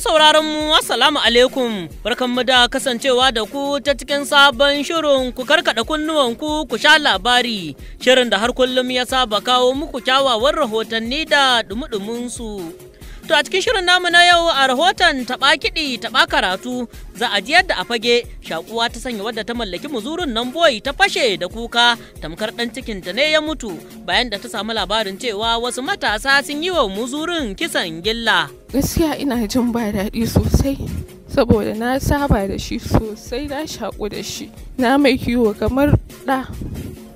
sauraron mu assalamu alaikum mu da kasancewa da ku ta cikin sabon shirin ku karkaɗa kunnuwanku ku sha labari shirin da har kullum ya saba kawo muku kyawawan rahotanni da dumudumin su To a cikin shirin namu na yau a rahoton taɓa kiɗi taɓa karatu za a ji yadda a fage shakuwa ta sanya wadda ta mallaki muzurun nan boy ta fashe da kuka tamkar ɗan cikin ta ne ya mutu bayan da ta samu labarin cewa wasu matasa sun yi wa muzurin kisan gilla. Gaskiya ina jin ba daɗi sosai saboda na saba da shi sosai na shaku da shi na mai kiwo kamar ɗa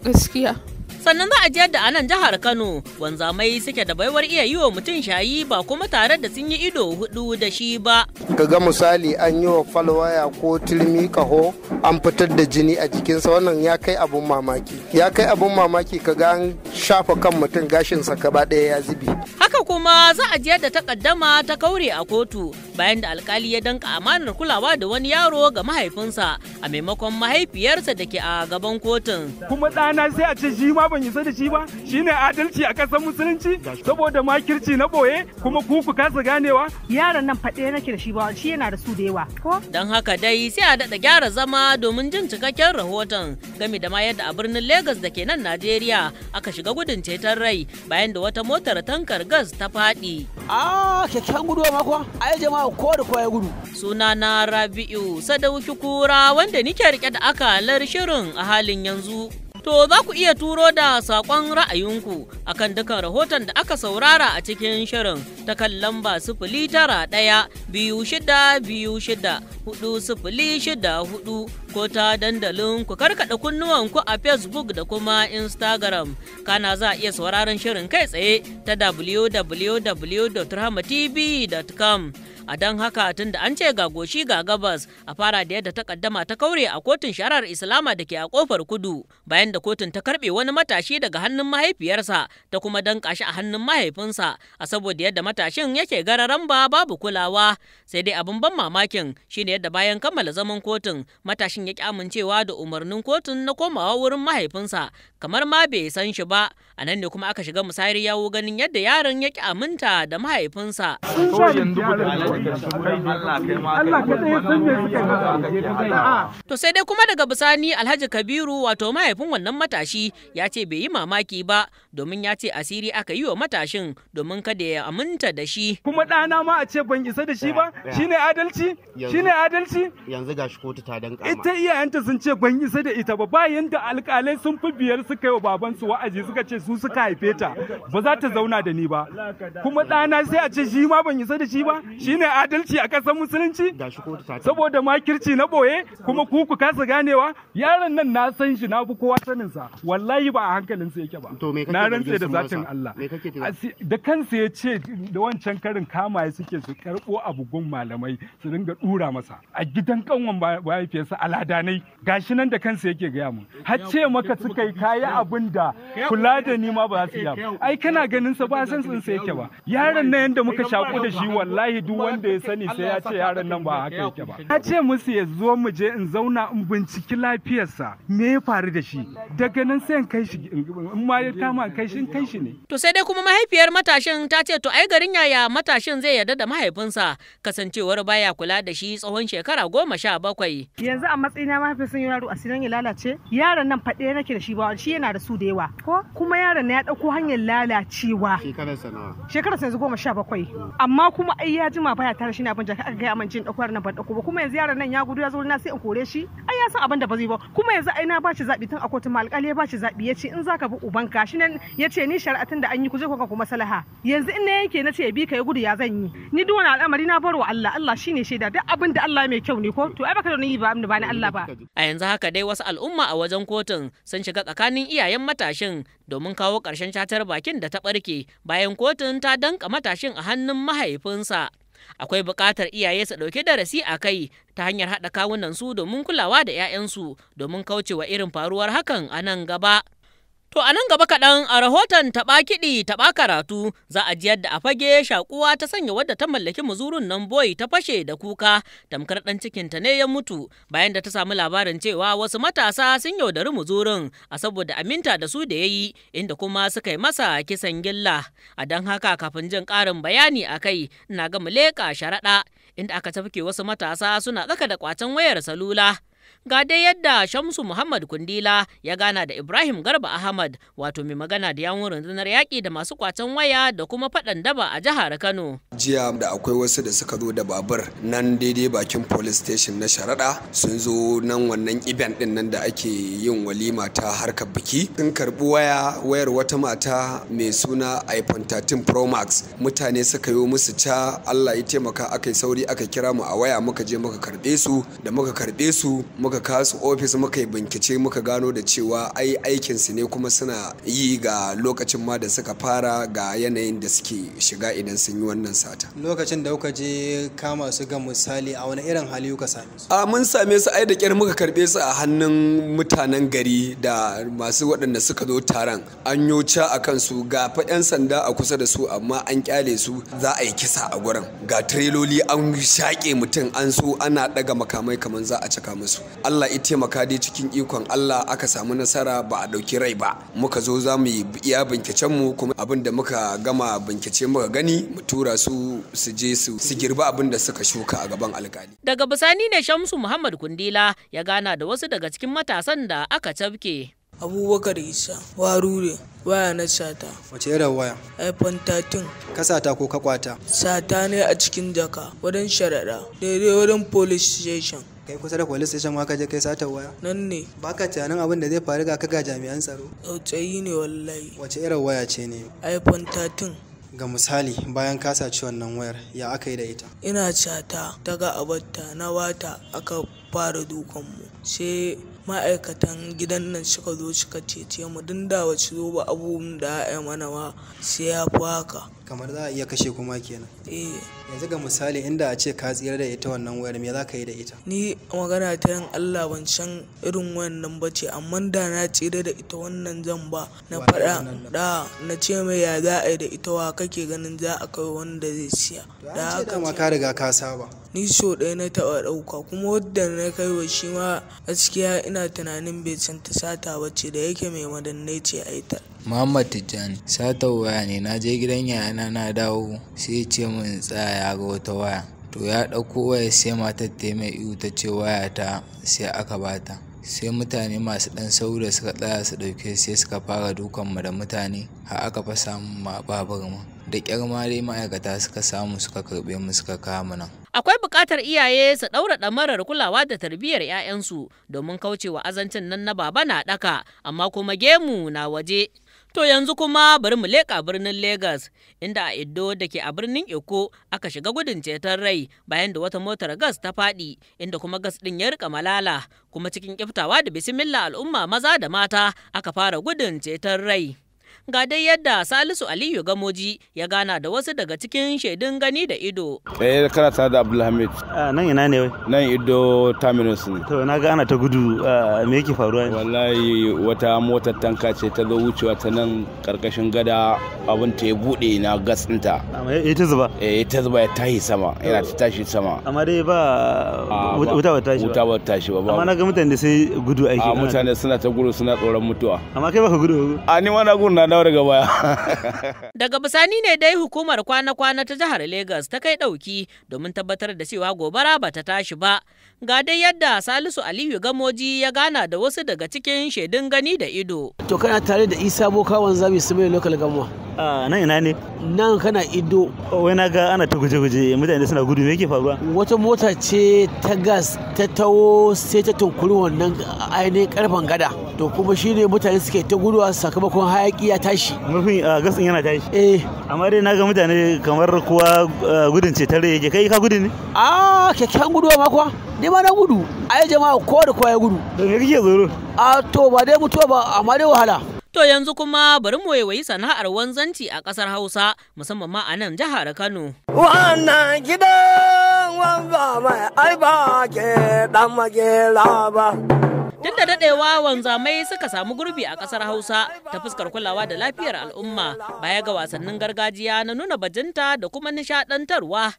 gaskiya sannan za a jiyar da anan jihar Kano wanzamai suke da baiwar iya yi wa mutum shayi ba kuma tare da sun yi ido hudu da shi ba. Kaga misali an yi wa falwaya ko tilmi kaho an fitar da jini a jikinsa wannan ya kai abun mamaki. Ya kai abun mamaki kaga an shafa kan mutum gashinsa gaba ɗaya ya zubi. Haka kuma za a jiyar da takaddama ta kaure a kotu bayan da alkali ya danka amanar kulawa da wani yaro ga mahaifinsa a maimakon mahaifiyarsa da ke a gaban kotun. Kuma ɗana sai a ce shi ma ban isa da shi ba shi ne adalci a ƙasar musulunci saboda makirci na ɓoye kuma kuku kasa ganewa. Yaron nan faɗe nake da shi ba shi yana da su da yawa. Don haka dai sai a daɗa gyara zama domin jin cikakken rahoton game da ma yadda a birnin Legas da ke nan Najeriya aka shiga gudun ceton rai bayan da wata motar tankar gas Tabbas ta faɗi. Ah, kyakkyawan gudu makon? yi jama'a ko da kowa gudu. Suna na Rabi'u Sadauki Kura wanda nike rike da akalar shirin a halin yanzu. To za ku iya turo da saƙon ra'ayinku a kan dukan rahoton da aka saurara a cikin shirin ta kan lamba sifili tara ɗaya biyu shida biyu shida hudu sifili shida hudu ko ta dandalin ku karkaɗa kunnuwanku a Facebook da kuma Instagram. Kana za a iya sauraron shirin kai tsaye ta www.rahmatv.com. a don haka tun da an ce ga goshi ga gabas a fara da yadda ta kaddama ta kaure a kotun shari'ar islama da ke a kofar kudu bayan da kotun ta karbe wani matashi daga hannun mahaifiyarsa ta kuma dan shi a hannun mahaifinsa a saboda yadda matashin yake gararan ba babu kulawa sai dai abin ban mamakin shine yadda bayan kammala zaman kotun matashin ya ki amincewa da umarnin kotun na komawa wurin mahaifinsa kamar ma bai san shi ba a nan ne kuma aka shiga musayar yawo ganin yadda yaron ya ki aminta da mahaifinsa. To sai dai kuma daga bisani Alhaji Kabiru wato mahaifin wannan matashi ya ce bai yi mamaki ba domin ya ce asiri aka yi wa matashin domin kada ya aminta da shi. Kuma ɗana ma a ce ban isa da shi ba shine adalci shine adalci. Yanzu shi kotu ta danka Ita iyayenta sun ce ban isa da ita ba bayan da alƙalai sun fi biyar suka yi wa babansu wa'azi suka ce su suka haife ta ba za ta zauna da ni ba. Kuma ɗana sai a ce shi ma ban isa da shi ba shine ne adalci a ƙasar musulunci saboda makirci na ɓoye kuma ku ku kasa ganewa yaron nan na san shi na fi kowa sanin sa wallahi ba a hankalin sa yake ba na rantse da zatin Allah da kansa ya ce da wancan karin kama ya suke su karɓo abu gun malamai su dinga dura masa a gidan kanwan mahaifiyarsa aladanai gashi nan da kansa yake gaya mu har ce maka suka yi kayi abin da kula da ni ma ba za su iya ai kana ganin sa ba san sa yake ba yaron nan yanda muka shaku da shi wallahi duk wani wanda ya sani sai ya ce yaron nan ba haka yake ba na ce musu ya zo mu je in zauna in binciki lafiyarsa me ya faru da shi daga nan sai in kai shi in ma ya kama kai shi in kai shi ne to sai dai kuma mahaifiyar matashin ta ce to ai garin yaya matashin zai yarda da mahaifinsa kasancewar baya kula da shi tsawon shekara goma sha bakwai yanzu a matsayina mahaifin sun yaro a sinan ya lalace yaron nan faɗe nake da shi ba shi yana da su da yawa ko kuma yaron na ya ɗauko hanyar lalacewa shekararsa nawa shekararsa yanzu goma sha bakwai amma kuma ai ya jima ba baya tare shi ne abin da aka gaya min jin ɗaukar na ban kuma yanzu yaran nan ya gudu ya zo na sai in kore shi ai ya san abin da ba zai ba kuma yanzu ai na shi zaɓi tun a kotun ma alƙali ya shi zaɓi ya ce in zaka bi ubanka shi nan ya ce ni shari'atin da an yi ku je ku kuma salaha yanzu in na yake na ce bi ka ya gudu ya zan yi ni duk wani al'amari na barwa Allah Allah shine shaida duk abin da Allah mai kyau ne ko to ai baka da ni ba ba ni Allah ba a yanzu haka dai wasu al'umma a wajen kotun sun shiga tsakanin iyayen matashin domin kawo ƙarshen catar bakin da ta barke bayan kotun ta danka matashin a hannun mahaifinsa akwai buƙatar iyaye su ɗauki darasi a kai ta hanyar haɗa kawunan su domin kulawa da 'ya'yansu domin kaucewa irin faruwar hakan a nan gaba To a nan gaba kaɗan a rahoton taɓa kiɗi taɓa karatu za a jiyar da a fage shakuwa ta sanya wadda ta mallaki muzurun nan boy ta fashe da kuka tamkar ɗan cikinta ne ya mutu bayan da ta samu labarin cewa wasu matasa sun yaudari muzurun a saboda aminta da su da ya yi inda kuma suka yi masa kisan gilla. A don haka kafin jin ƙarin bayani a kai ina gama leƙa sharaɗa inda aka tafke wasu matasa suna tsaka da kwacen wayar salula. Ga dai yadda Shamsu Muhammad Kundila ya gana da Ibrahim Garba Ahmad wato mai magana da yawun rundunar yaƙi da masu kwacen waya da kuma faɗan daba a jihar Kano. Jiya da akwai wasu da suka zo da babur nan daidai bakin police station na sharaɗa sun zo nan wannan iban ɗin nan da ake yin walima ta harkar biki. Sun karɓi waya wayar wata mata mai suna iPhone 13 Pro Max mutane suka yi musu ca Allah ya taimaka aka yi sauri aka kira mu a waya muka je muka karɓe su da muka karɓe su muka kasu ofis muka yi bincike muka gano da cewa ai aikinsu ne kuma suna yi ga lokacin ma da suka fara ga yanayin da suke shiga idan sun yi wannan sata lokacin da kuka je kama su ga misali a wani irin hali kuka same su a mun same su ai da kyar muka karbe su a hannun mutanen gari da masu waɗanda suka zo taron an yoca a su ga faɗan sanda a kusa da su amma an kyale su za a yi kisa a gurin ga tireloli an shaƙe mutum an so ana ɗaga makamai kamar za a caka musu Allah ya taimaka dai cikin ikon Allah aka samu nasara ba a ɗauki rai ba muka zo za mu iya binkicen mu kuma abin da muka gama bincike muka gani mu tura su su je su su girba abin da suka shuka a gaban alkali daga bisani ne Shamsu Muhammad Kundila ya gana da wasu daga cikin matasan da aka cafke abubakar isa warure waya na sata wace irin waya iphone 13 ka sata ko ka sata ne a cikin jaka wajen sharaɗa daidai wajen police station kai kusa da police station ma ka je kai satar waya nan ne baka tunanin abin da zai faru ga kaga jami'an tsaro tsayi ne wallahi wace irin waya ce ne iphone 13 ga misali bayan kasa ci wannan wayar ya aka yi da ita ina cata daga abatta na wata aka fara dukanmu sai ma'aikatan gidan nan suka zo suka cece mu dinda da wace zo ba abubuwan da ya mana sai ya fi haka kamar za a iya kashe kuma kenan eh yanzu ga misali inda a ce ka tsira da ita wannan wayar me za ka yi da ita ni magana ta yan Allah ban san irin wannan bace amma da na tsira da ita wannan zan ba na faɗa da na ce mai ya za a yi da ita wa kake ganin za a kai wanda zai siya da haka ma ka riga ka saba ni so ɗaya na taɓa ɗauka kuma wadda na kai wa shi ma gaskiya ina tunanin bai san ta sata bace da yake mai madannai ce aita Muhammad Tijjani satar waya ne na je gidan yayana na dawo sai ce min in tsaya ya ga wata waya to ya ɗauko waya sai matar ta mai ihu ta ce waya ta sai aka bata sai mutane masu ɗan sauri da suka tsaya su dauke sai suka fara dukan mu da mutane har aka fa samu ma babur mu. da ƙyar ma dai ma'aikata suka samu suka karɓe mu suka kama nan akwai bukatar iyaye su ɗaura ɗamarar kulawa da tarbiyyar 'ya'yansu domin kaucewa azancin nan na baba na ɗaka amma kuma gemu na waje To yanzu kuma bari mu leƙa birnin Legas inda a Iddo da ke a birnin Eko aka shiga gudun ceton rai bayan da wata motar gas ta faɗi inda kuma gas ɗin ya rika malala kuma cikin kiftawa da bisimilla al'umma maza da mata aka fara gudun ceton rai. Ga dai yadda Salisu Aliyu Gamoji ya gana da wasu daga cikin shaidun gani da ido. Eh kana tare da Abdulhamid. Nan ina ne wai? Nan Ido Terminus ne. To na ga ana ta gudu me yake faruwa Wallahi wata motar tanka ce ta zo wucewa ta nan karkashin gada abin ta ya bude na gas ɗinta. ita zuba. Eh ita zuba ya tashi sama yana ta tashi sama. Amma dai ba wuta ba tashi ba. Wuta ba tashi ba. Amma na ga mutane sai gudu aiki. Mutane suna ta gudu suna tsoron mutuwa. Amma kai baka gudu. A ni wani gudu na daga baya daga bisani ne dai hukumar kwana-kwana ta jihar Legas ta kai ɗauki domin tabbatar da cewa gobara ba ta tashi ba ga dai yadda Salisu Aliyu Gamoji ya gana da wasu daga cikin shaidun gani da ido to kana tare da Isa wanzami su Subai Local Gamuwa a nan ina ne nan kana ido wai na ga ana ta guje-guje mutane suna gudu me yake faruwa wata mota ce ta gas ta tawo sai ta tunkuri wannan ainihin karfen gada to kuma shine mutane suke ta guduwa sakamakon hayaki ya tashi mafin gas yana tashi eh amma dai na ga mutane kamar kuwa gudun ce tare yake kai ka gudu ne a kyakkyawan guduwa ma kuwa ni ma na gudu ai jama'a kowa da kowa ya gudu da me kake tsoro a to ba dai mutuwa ba amma dai wahala To yanzu kuma bari mu waiwayi sana'ar wanzanci a ƙasar Hausa musamman ma a nan jihar Kano. Wannan gidan wanza mai ai ke dan magela ba. Duk da daɗewa wanzamai suka samu gurbi a ƙasar Hausa ta fuskar kulawa da lafiyar al'umma baya ga wasannin gargajiya na nuna bajinta da kuma nishaɗantarwa.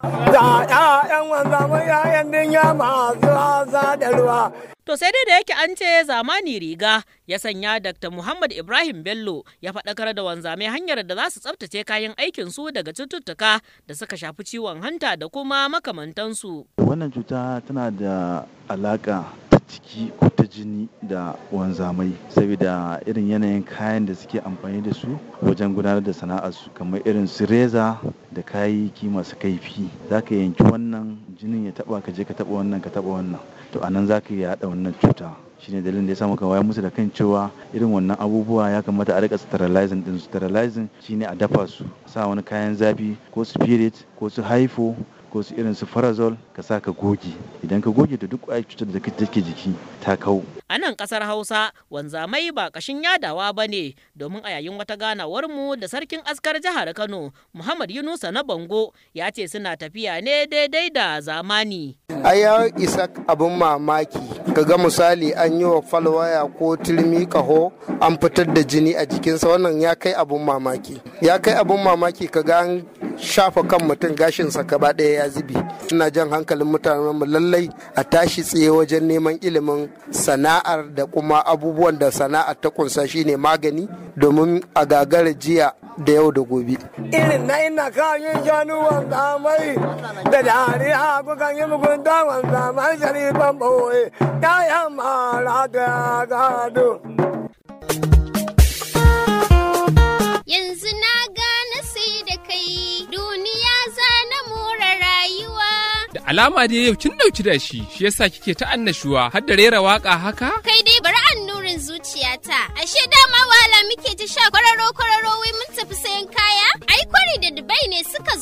To sai dai da yake an ce zamani riga ya sanya Dr. Muhammad Ibrahim Bello ya faɗakar da wanzamai hanyar da za su tsabtace kayan aikin su daga cututtuka da suka shafi ciwon hanta da kuma makamantansu. Wannan cuta tana da alaƙa ciki ko ta jini da wanzamai saboda irin yanayin kayan da suke amfani da su wajen gudanar da su kamar irin su reza da kayayyaki masu kaifi za ka yanki wannan jinin ya taba ka je ka taba wannan ka taba wannan to anan za ka yaɗa wannan cuta shine dalilin da ya samu kawai musu da kan cewa irin wannan abubuwa ya kamata a rika sterilizing din sterilizing shine a dafa su sa wani kayan zafi ko spirit ko su haifo ko su irin su farazol ka sa ka goge idan ka goge da duk ƙwayar cutar da take jiki ta kau. A nan ƙasar Hausa wanzamai ba ƙashin yadawa ba ne domin a yayin wata ganawar mu da sarkin askar jihar Kano Muhammad Yunusa na Bango ya ce suna tafiya ne daidai da zamani. A ya isa abin mamaki ka ga misali an yi wa falwaya ko tilmi kaho an fitar da jini a jikinsa wannan ya kai abin mamaki ya kai abin mamaki ka ga. shafa kan mutum gashinsa gaba ɗaya ya zubi ina jan hankalin mutanen mu lallai a tashi tsaye wajen neman ilimin sana'ar da kuma abubuwan da sana'ar ta kunsa shine magani domin a gagara jiya da yau da gobe irin na ina kayan shanu wanda mai da dare ha kukan yi da wanda mai sharifan boye kayan mara da gado yanzu alama dai yau kin dauki da shi shi yasa kike ta annashuwa har da rera waka haka kai dai bari an nurin zuciyata ashe dama wahala muke ta sha kwararo kwararo wai mun tafi sayan kaya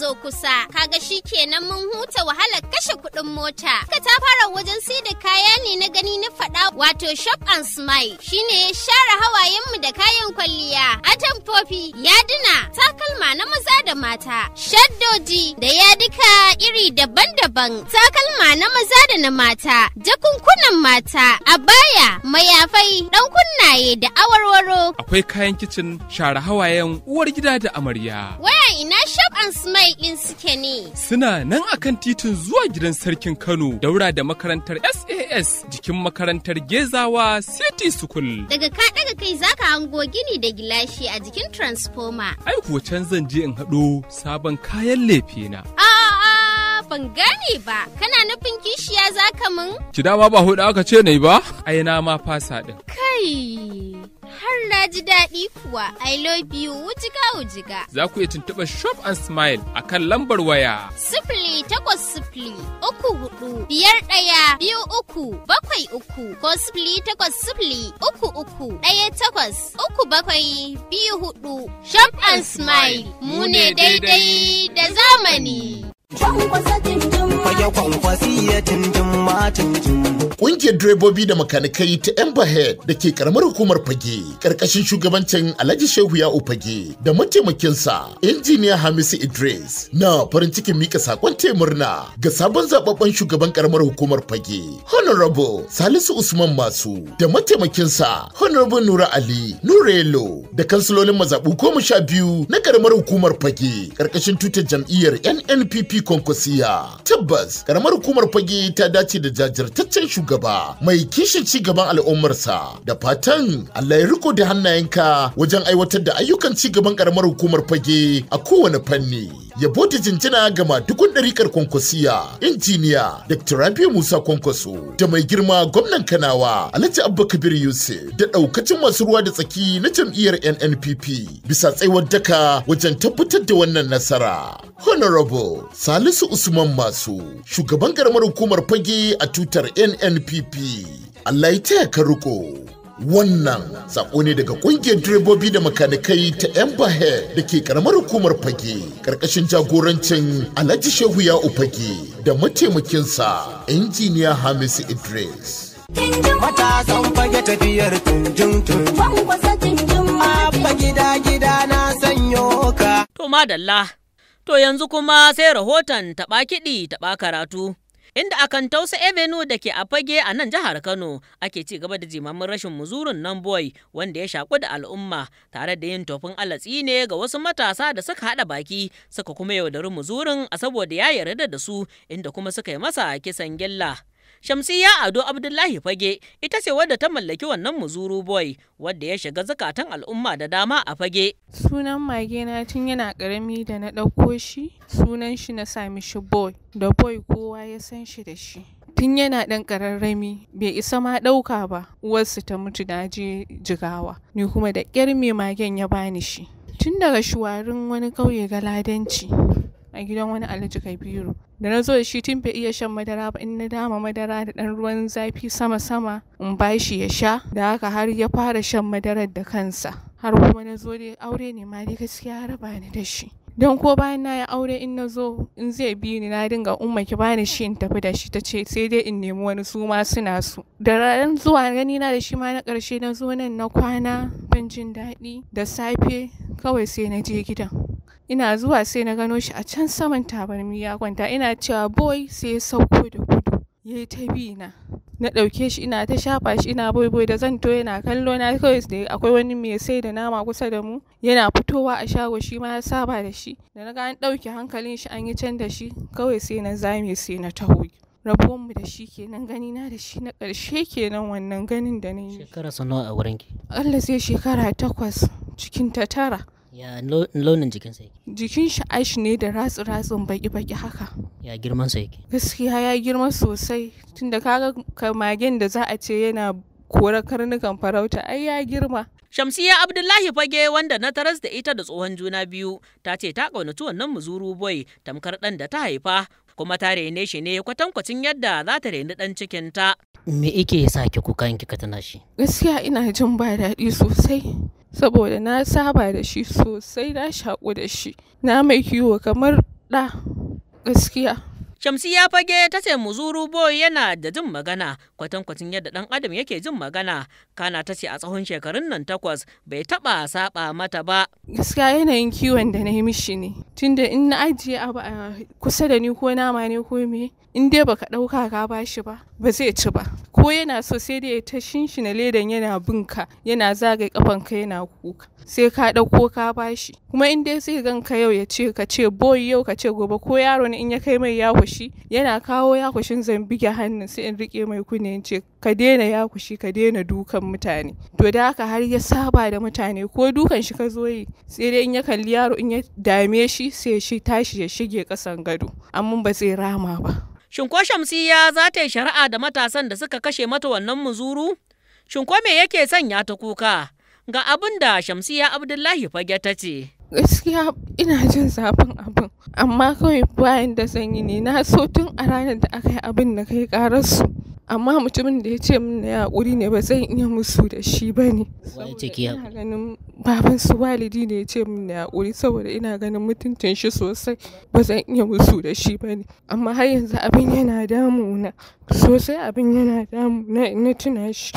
zo kusa kaga shi kenan mun huta wahalar kashe kuɗin mota Ka ta fara wajen sai da kaya ne na gani na faɗa wato shop and smile shine ya share hawayenmu da kayan kwalliya Atan fofi yaduna takalma na maza da mata shaddoji da yadika iri daban-daban takalma na maza da na mata jakunkunan mata abaya mayafai ɗan kunnaye da awarwaro akwai kayan kicin share hawayen uwar gida da amarya waya ina shop and smile Rai ɗin suke ne? Suna nan akan titin zuwa gidan sarkin Kano, daura da makarantar SAS jikin makarantar Gezawa City School. Daga ka daga kai zaka hango gini da gilashi a jikin transformer. Ai kuwa can zan je in haɗo sabon kayan lefe na. ban gane ba kana nufin kishiya zaka mun? Ki dama ba hudu aka ce ne ba? Ai na ma fasa ɗin. Kai Har na ji daɗi kuwa, I love you wujiga wujiga. Za ku iya tuntuɓa Shop and Smile a kan lambar waya. Sifili takwas sifili uku hudu biyar ɗaya biyu uku bakwai uku ko sifili takwas sifili uku uku ɗaya takwas uku bakwai biyu hudu. Shop and Smile mu ne daidai da zamani. Ƙungiyar direbobi da makanikai ta Emberhead da ke karamar hukumar fage ƙarƙashin shugabancin Alhaji Shehu Ya'u fage da mataimakinsa injiniya Hamisu Idris na farin cikin mika sakon murna ga sabon zababben shugaban karamar hukumar fage Honorable Salisu Usman Masu da mataimakinsa Honorable Nura Ali Nurelo da kansilolin mazaɓu goma sha biyu na karamar hukumar fage ƙarƙashin tutar jam'iyyar NNPP kwankwasiya tabbas karamar hukumar fage ta dace da jajirtaccen shugaba mai kishin ci gaban al'ummarsa da fatan Allah ya riko da hannayenka wajen aiwatar da ayyukan ci gaban karamar hukumar fage a kowane fanni yabo jinjina ga madukun ɗarikar kwankwasiya injiniya dr rabi musa kwankwaso da mai girma gwamnan kanawa alhaji abba kabir yusuf da ɗaukacin masu ruwa da tsaki na jam'iyyar nnpp bisa tsaiwar daka wajen tabbatar da wannan nasara honorable salisu usman masu shugaban garmar hukumar fage a tutar nnpp allah ya taya ka riko Wannan sako ne daga ƙungiyar direbobi da makanikai ta Empire da ke karamar hukumar fage ƙarƙashin jagorancin Alhaji Shehu ya ufage da mataimakinsa injiniya Hamisu Idris. Matasan fage tafiyar tunjin, Abba gida gida na sanyo ka. To madalla, to yanzu kuma sai rahoton taɓa kiɗi taɓa karatu. inda a kan tausa Avenue da ke a fage a nan jihar Kano ake ci gaba da jimamin rashin muzurun nan boy wanda ya shaku da al'umma tare da yin tofin alatsi ne ga wasu matasa da suka haɗa baki suka kuma yaudari muzurin a saboda ya yarda da su inda kuma suka yi masa kisan gilla. Shamsiyya Ado Abdullahi Fage ita ce wadda ta mallaki wannan muzuru boy wadda ya shiga zakatan al'umma da dama a fage. Sunan mage na tun yana karami da na ɗauko shi sunan shi na sami shi boy da boy kowa ya san shi da shi. Tun yana ɗan ƙararrami bai isa ma ɗauka ba uwarsu ta mutu na je jigawa ni kuma da ƙyar mai magen ya bani shi. Tun daga shuwarin wani kauye ga a gidan wani alhaji kabiru da na zo da shi tun bai iya shan madara ba in na dama madara da ɗan ruwan zafi sama-sama in ba shi ya sha da haka har ya fara shan madarar da kansa har kuma na zo dai aure ne ma dai gaskiya raba ni da shi don ko bayan na yi aure in na zo in zai bi ni na dinga umma ki bani shi in tafi da shi ta ce sai dai in nemi wani su ma suna su da ran zuwa gani na da shi ma na karshe na zo nan na kwana ban jin daɗi da safe kawai sai na je gidan ina zuwa sai na gano shi a can saman tabarmi ya kwanta ina cewa boy sai ya sauko da gudu ya yi ta bi na na ɗauke shi ina ta shafa shi ina boiboi da zanto yana kallo na kawai da akwai wani mai sai da nama kusa da mu yana fitowa a shago shi ma ya saba da shi da na ga an ɗauke hankalin shi an yi can da shi kawai sai na zame sai na taho rabuwan mu da shi kenan gani na da shi na ƙarshe kenan wannan ganin da na yi shekara nawa a wurin ki Allah sai shekara takwas cikin ta tara ya launin jikinsa yake jikin shi aishi ne da ratsu ratsun baki baki haka ya girman sa yake gaskiya ya girma sosai tunda kaga kamagen da za a ce yana kora karnukan farauta ai ya girma Shamsiya Abdullahi Fage wanda na taras da ita da tsohon juna biyu ta ce ta ƙaunaci wannan muzuru boy tamkar ɗan da ta haifa kuma ta rene shi ne kwatankwacin yadda za ta reni cikin ta Me ike sake kukan kika tana shi? Gaskiya ina jin ba daɗi sosai. saboda na saba da shi sosai na shaƙu da shi na mai kiwo kamar ɗa gaskiya Shamsi ya fage ta ce muzuru boy yana da jin magana kwatankwacin yadda ɗan adam yake jin magana kana ta ce a tsawon shekarun nan takwas bai taɓa saba mata ba. Gaskiya yanayin kiwon da na yi mishi ne tunda in na ajiye abu a kusa da ni ko nama ne ko me in dai baka ɗauka ka bashi ba ba zai ci ba ko yana so sai dai ta shinshina ledan yana bin ka yana zagaye kafan ka yana kuka sai ka ɗauko ka bashi kuma in dai sai gan ka yau ya ce ka ce boy yau ka ce gobe ko yaro ne in ya kai mai yakushi yana kawo yakushin zambige hannun sai in rike mai kunne in ce ka daina yakushi ka daina dukan mutane to da haka har ya saba da mutane ko dukan shi ka zo yi sai dai in ya kalli yaro in ya dame shi sai shi tashi ya shige kasan gado amma ba zai rama ba shin ko shamsiya za ta yi shari'a da matasan da suka kashe mata wannan muzuru shin ko me yake sanya ta kuka ga abin da shamsiya abdullahi fage ta ce gaskiya ina jin zafin abin amma kawai bayan da sanyi ne na so tun a ranar da aka yi abin da kai karar su amma mutumin da ya ce min na yaƙuri ne ba zan iya musu da shi ba ne ina ganin baban su walidi ne ya ce min na yaƙuri saboda ina ganin mutuncin shi sosai ba zan iya musu da shi ba ne amma har yanzu abin yana damuna sosai abin yana damuna na tuna shi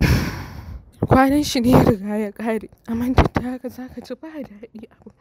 kwanan shi ne riga ya ƙare amma duk da haka za ka ci, ba daɗi abu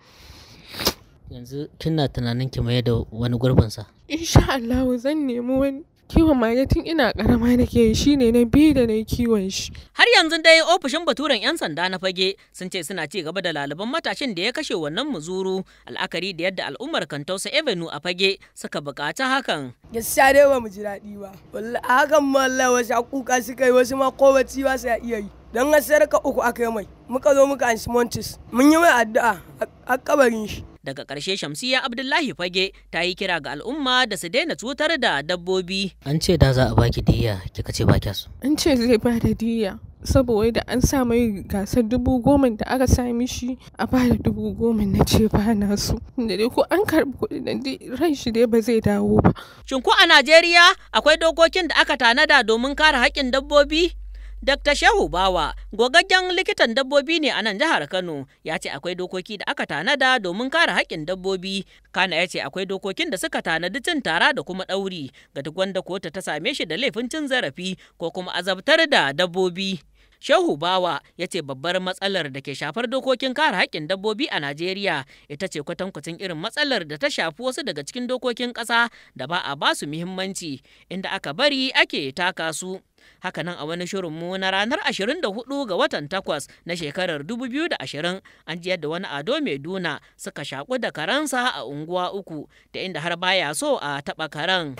yanzu kina tunanin ki mai da wani gurbinsa insha Allah zan nemi wani Kiwon mage tun ina karama nake shi ne na biyu da na kiwon shi. Har yanzu dai ofishin baturen 'yan sanda na fage sun ce suna ci gaba da laliban matashin da ya kashe wannan muzuru al'akari da yadda al'ummar Kantausa Avenue a fage suka bukata hakan. Gaskiya dai ba mu ji daɗi ba. a hakan Allah wasu kuka suka yi wasu ma ko bacci ba su iya yi. Dan gaskiya ka uku aka yi mai. Muka zo muka ansi Montis Mun yi mai addu'a a kabarin shi. daga ƙarshe shamsiya abdullahi fage ta yi kira ga al'umma da su daina cutar da dabbobi an ce da za a baki diya kika ce ba su an ce zai ba da diya saboda an sa mai gasar dubu goma da aka sa mishi a ba da dubu goma na ce ba na su da dai ko an karbi kuɗi da ran shi dai ba zai dawo ba shin ko a najeriya akwai dokokin da aka tanada domin kare haƙƙin dabbobi Dr. Shehu Bawa, gogaggen likitan dabbobi ne a nan jihar Kano, ya ce akwai dokoki da aka tanada domin kare haƙƙin dabbobi. Kana ya ce akwai dokokin da suka tanadi cin tara da kuma ɗauri ga duk wanda kota ta same shi da laifin cin zarafi ko kuma azabtar da dabbobi. Shehu Bawa ya ce babbar matsalar da ke shafar dokokin kare haƙƙin dabbobi a Najeriya ita ce kwatankwacin irin matsalar da ta shafi wasu daga cikin dokokin ƙasa da ba a basu muhimmanci inda aka bari ake taka su. Haka nan, a wani shirin mu na ranar 24 ga watan takwas na shekarar 2020 an jiyar da wani ado mai duna suka shaƙu da karansa a unguwa uku da inda har baya so a taɓa karan.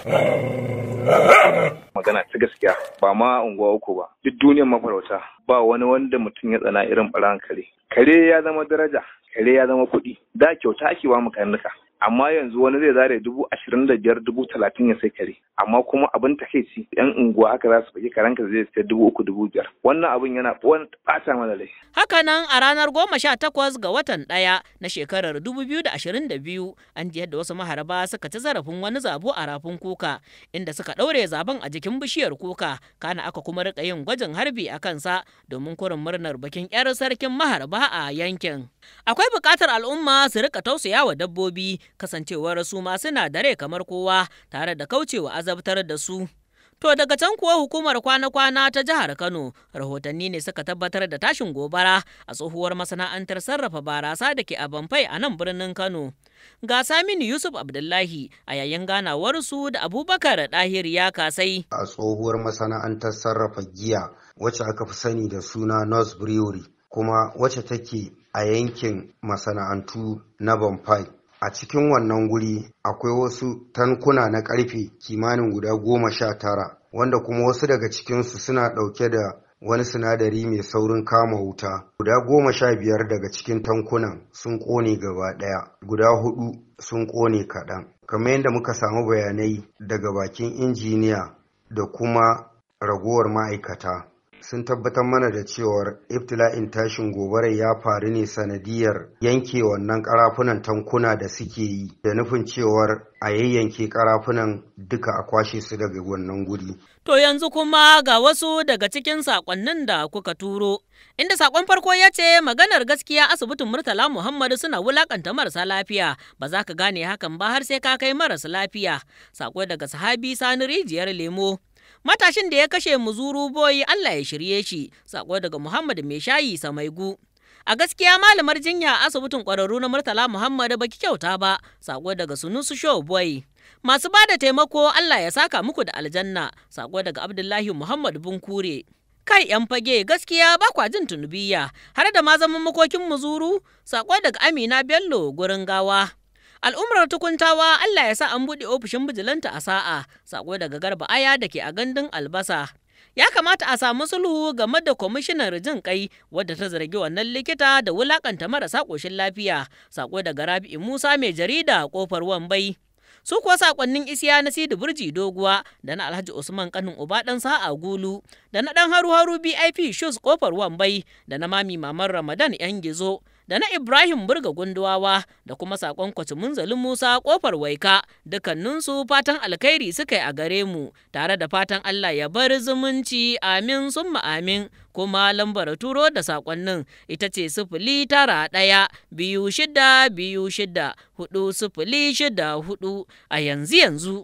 magana ta gaskiya ba ma unguwa uku ba duk duniyar mafarauta ba wani wanda mutum ya tsana irin ɓaran kare kare ya zama daraja kare ya zama kuɗi da kyauta ake ba mu karnuka amma yanzu wani zai zare dubu ashirin da biyar dubu talatin ya sai kare amma kuma abin ci yan unguwa haka za su fage ka zai sai dubu uku dubu biyar wannan abin yana ɓata mana rai. haka nan a ranar goma sha takwas ga watan ɗaya na shekarar dubu biyu da ashirin da biyu an ji yadda wasu maharaba suka ci zarafin wani zabo a rafin kuka inda suka ɗaure zaben a jikin bishiyar kuka kana aka kuma riƙa yin gwajin harbi a kansa domin kurin murnar bikin 'yar sarkin maharba a yankin. Akwai buƙatar al'umma su rika tausaya wa dabbobi kasancewar su ma suna dare kamar kowa tare da kaucewa azabtar da su. To daga can kuwa hukumar kwana-kwana ta jihar Kano rahotanni ne suka tabbatar da tashin gobara a tsohuwar masana'antar sarrafa barasa da ke a a nan birnin Kano. Ga Saminu Yusuf Abdullahi a yayin ganawar su da Abubakar Dahir ya kasai. A tsohuwar masana'antar sarrafa giya wacce aka fi sani da suna North Brewery kuma wacce take a yankin masana'antu na Banfai. a cikin wannan guri akwai wasu tankuna na karfe kimanin guda goma sha tara wanda kuma wasu daga cikinsu suna ɗauke da wani sinadari mai saurin kama wuta guda goma sha biyar daga cikin tankunan sun ƙone gaba ɗaya guda hudu sun ƙone kaɗan kamar yadda muka samu bayanai daga bakin injiniya da kuma ragowar ma'aikata sun tabbatar mana da cewar iftila'in tashin gobarar ya faru ne sanadiyar yanke wannan karafunan tankuna da suke yi da nufin cewar a yayyanke karafunan duka a kwashe su daga wannan guri. To yanzu kuma ga wasu daga cikin saƙonnin da kuka turo. Inda sakon farko ya ce maganar gaskiya asibitin Murtala Muhammadu suna wulakanta marasa lafiya ba za ka gane hakan ba har sai ka kai marasa lafiya. Sako daga sahabi Sani Rijiyar Lemo. matashin da ya kashe muzuru boyi Allah ya shirye shi sako daga Muhammad mai shayi samaigu a gaskiya malamar jinya asibitin kwararru na Murtala Muhammad baki kyauta ba sako daga Sunusu Show boy masu ba da taimako Allah ya saka muku da aljanna sako daga Abdullahi Muhammad Bunkure kai yan fage gaskiya ba kwa jin tunubiya har da ma zaman makokin muzuru sako daga Amina Bello gurin gawa Al'ummar tukuntawa Allah ya sa an buɗe ofishin bijilanta a sa'a, sako daga garba aya da ke a gandun albasa. Ya kamata a samu sulhu game da kwamishinan jin kai wadda ta zargi wannan likita da wulakanta marasa ƙoshin lafiya, sako daga rabi'i Musa mai jarida kofar Wambai. su kuwa sakonnin isiya na sidi burji doguwa da na alhaji usman kanin uba ɗan sa'a gulu da na ɗan haru haru bip shoes kofar wambai da na mami maman ramadan yan gizo da na Ibrahim Burga Gunduwawa da kuma sakon kwaci munzalin Musa ƙofar waika dukkaninsu fatan alkhairi suka yi a gare mu tare da fatan Allah ya bar zumunci amin sun amin kuma lambar turo da sakonnin ita ce sifili tara ɗaya biyu shida biyu shida hudu sufuli shida hudu a yanzu yanzu.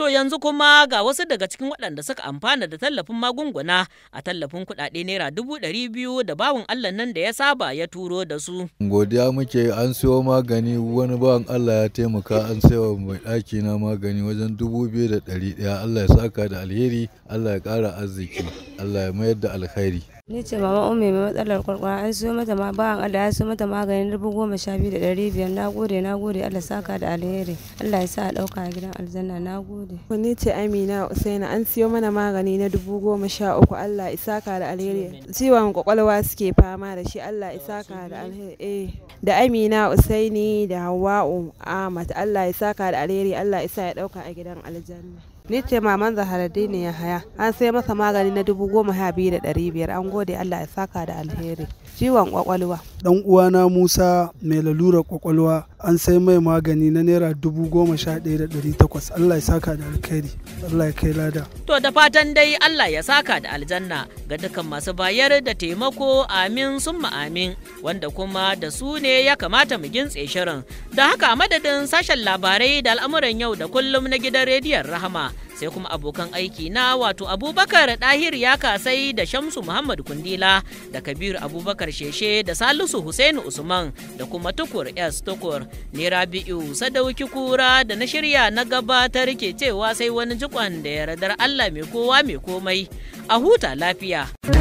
To yanzu kuma ga wasu daga cikin waɗanda suka amfana da tallafin magunguna a tallafin kuɗaɗe naira dubu ɗari biyu da bawan Allah nan da ya saba ya turo da su. Godiya muke an siyo magani wani bawan Allah ya taimaka an sayo mai ɗaki na magani wajen dubu biyu da ɗari ɗaya Allah ya saka da alheri Allah ya ƙara arziki Allah ya mayar da alkhairi. Ni ce Mama Ummi mai matsalar ƙwarƙwara, an siyo mata an Allah ya siyo mata maganin dubu goma sha biyu da ɗari biyar, na gode, na gode, Allah saka da alheri, Allah ya sa a ɗauka a gidan aljanna, na gode. Ni ce Amina Usaina, an siyo mana magani na dubu goma sha uku, Allah ya saka da alheri. Ciwon kwakwalwa suke fama da shi, Allah ya saka da alheri. Eh, da Amina Usaini da hawa'u Ahmad, Allah ya saka da alheri, Allah ya sa ya ɗauka a gidan aljanna. ni ce maman ne ya haya an sai masa magani na dubu goma sha biyu da ɗari biyar an gode allah ya saka da alheri ciwon kwakwalwa dan uwana musa mai lalura kwakwalwa an sai mai magani na naira dubu goma sha ɗaya da ɗari takwas allah ya saka da alkhairi allah ya kai lada to da fatan dai allah ya saka da aljanna ga dukkan masu bayar da taimako amin sun amin wanda kuma da su ne ya kamata mu gintse shirin da haka madadin sashen labarai da al'amuran yau da kullum na gidan rediyon rahama sai kuma abokan aiki na wato abubakar Dahir ya kasai da shamsu muhammad kundila da kabiru abubakar sheshe da salisu husainu usman da kuma tukur s tukur ni rabi'u sadauki kura da na shirya na gabatar ke cewa sai wani jikon da yardar allah mai kowa mai komai a huta lafiya.